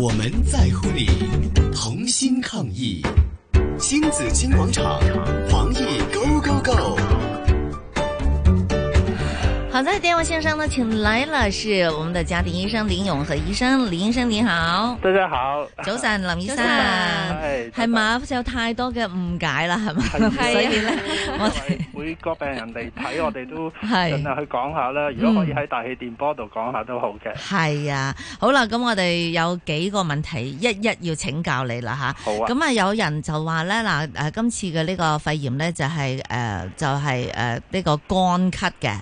我們在乎你，同心抗疫，新子清廣場，防疫 go go go。第一位先生呢，請來了是我們的家庭醫生林永和醫生，林醫生，你好，大家好，早晨，林醫生，係嘛？有太多嘅誤解啦，係所以啊，我哋每個病人嚟睇，我哋都盡量去講下啦。如果可以喺大氣電波度講下都好嘅。係啊，好啦，咁我哋有幾個問題，一一要請教你啦，吓。好啊。咁啊，有人就話咧嗱，誒，今次嘅呢個肺炎咧，就係誒，就係誒，呢個乾咳嘅，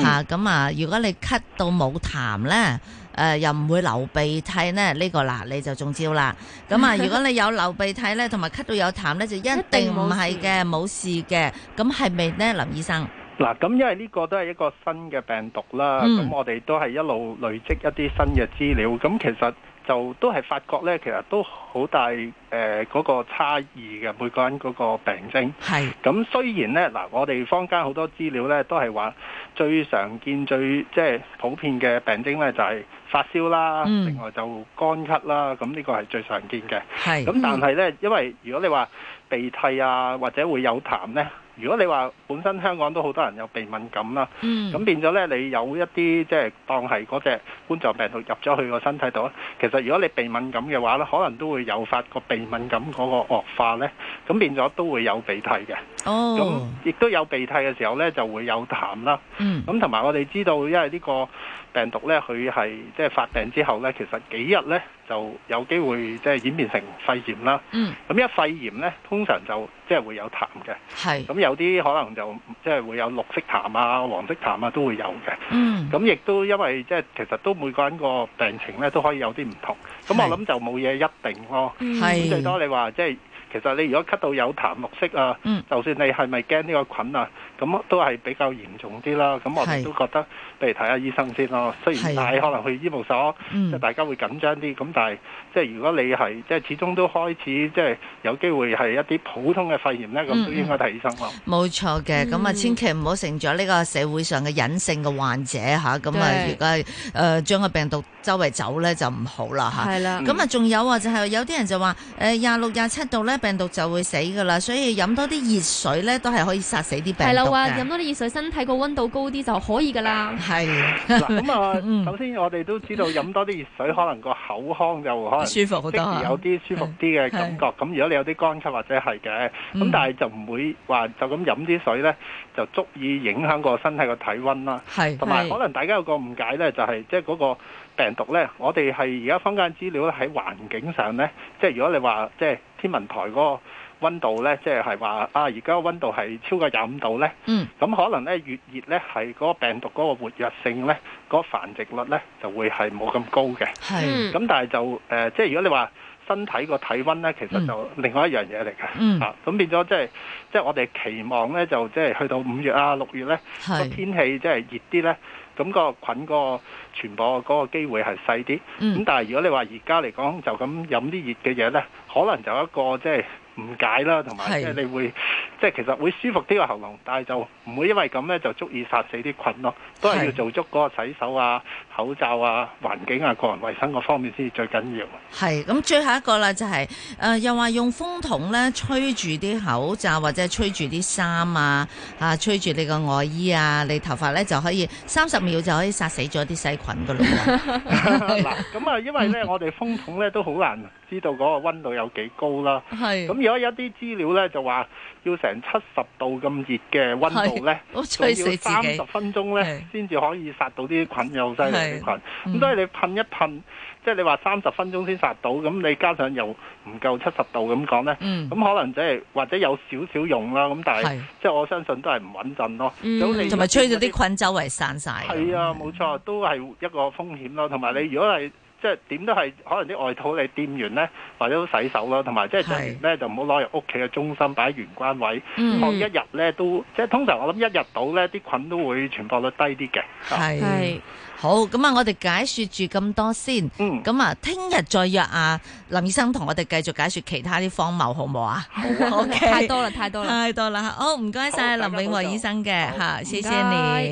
吓。咁啊，如果你咳到冇痰呢，誒、呃、又唔會流鼻涕呢，呢、呢個嗱，你就中招啦。咁啊，如果你有流鼻涕呢，同埋咳到有痰呢，就一定唔係嘅，冇事嘅。咁係咪呢？林醫生？嗱，咁因為呢個都係一個新嘅病毒啦，咁、嗯、我哋都係一路累積一啲新嘅資料。咁其實就都係發覺呢，其實都好大誒，嗰個差異嘅每個人嗰個病徵。係是。咁雖然呢，嗱，我哋坊間好多資料呢，都係話。最常見、最即係普遍嘅病徵咧，就係、是、發燒啦，嗯、另外就乾咳啦，咁呢個係最常見嘅。咁是 但係咧，因為如果你話。鼻涕啊，或者會有痰呢。如果你話本身香港都好多人有鼻敏感啦，咁、嗯、變咗呢，你有一啲即係當係嗰隻冠狀病毒入咗去個身體度，其實如果你鼻敏感嘅話呢，可能都會誘發個鼻敏感嗰個惡化呢。咁變咗都會有鼻涕嘅。哦，咁亦都有鼻涕嘅時候呢，就會有痰啦。咁同埋我哋知道，因為呢個病毒呢，佢係即係發病之後呢，其實幾日呢。就有機會即係演變成肺炎啦。嗯，咁一肺炎咧，通常就即係會有痰嘅。係是，咁有啲可能就即係會有綠色痰啊、黃色痰啊，都會有嘅。嗯，咁亦都因為即係其實都每個人個病情咧都可以有啲唔同。咁我諗就冇嘢一定咯。嗯是，咁最多你話即係。其實你如果咳到有痰綠色啊，嗯、就算你係咪驚呢個菌啊，咁都係比較嚴重啲啦。咁我哋都覺得，不如睇下醫生先咯。雖然係可能去醫務所，即、嗯、大家會緊張啲。咁但係即係如果你係即係始終都開始即係有機會係一啲普通嘅肺炎咧，咁都應該睇醫生咯。冇錯嘅，咁啊千祈唔好成咗呢個社會上嘅隱性嘅患者嚇。咁啊如果係誒將個病毒周圍走咧就唔好啦嚇。係啦。咁啊仲有啊就係、是、有啲人就話誒廿六廿七度咧。病毒就會死噶啦，所以飲多啲熱水呢，都係可以殺死啲病毒。係啦，話飲多啲熱水，身體個温度高啲就可以噶啦。係，咁啊，嗯、首先我哋都知道飲多啲熱水，可能個口腔就會可能舒服好多，有啲舒服啲嘅感覺。咁如果你有啲乾咳或者係嘅，咁、嗯、但係就唔會話就咁飲啲水呢，就足以影響個身體個體温啦。係，同埋可能大家有個誤解呢、就係，就係即係嗰個。病毒呢，我哋係而家坊間資料喺環境上呢，即係如果你話即係天文台嗰個温度呢，即係係話啊，而家個温度係超過廿五度呢，嗯。咁可能呢，越熱呢係嗰個病毒嗰個活躍性呢，嗰、那個、繁殖率呢就會係冇咁高嘅。係是。咁但係就誒，即係如果你話。身體個體温咧，其實就另外一樣嘢嚟嘅，嚇咁、嗯啊、變咗即係即係我哋期望咧，就即係去到五月啊、六月咧個，是天氣即係熱啲咧，咁、個菌個傳播嗰個機會係細啲。咁、嗯、但係如果你話而家嚟講就咁飲啲熱嘅嘢咧，可能就一個即係誤解啦，同埋即係你會。即係其實會舒服啲個喉嚨，但係就唔會因為咁呢就足以殺死啲菌咯，都係要做足嗰個洗手啊、口罩啊、環境啊、個人衞生嗰方面先至最緊要。係咁，最後一個啦、就係，就係誒又話用風筒呢吹住啲口罩或者吹住啲衫啊，啊吹住你個外衣啊，你頭髮呢就可以三十秒就可以殺死咗啲細菌噶喇。嗱 咁啊，因為呢 我哋風筒呢都好難。知道嗰個溫度有幾高啦，咁如果有啲資料咧就話要成七十度咁熱嘅溫度咧，仲要三十分鐘咧先至可以殺到啲菌，有犀利啲菌。咁所以你噴一噴，即係你話三十分鐘先殺到，咁你加上又唔夠七十度咁講咧，咁可能即係或者有少少用啦。咁但係即係我相信都係唔穩陣咯。咁你同埋吹咗啲菌周圍散晒，係啊，冇錯，都係一個風險咯。同埋你如果係。即係點都係，可能啲外套你掂完咧，或者都洗手啦，同埋即係做完咧就唔好攞入屋企嘅中心，擺喺玄關位，放一日咧都，即係通常我諗一日到咧，啲菌都會傳播率低啲嘅。係，好，咁啊，我哋解說住咁多先，嗯，咁啊，聽日再約啊林醫生同我哋繼續解說其他啲荒謬，好唔好啊？好，太多啦，太多啦，太多啦，好，唔該晒林永和醫生嘅，好，謝謝你。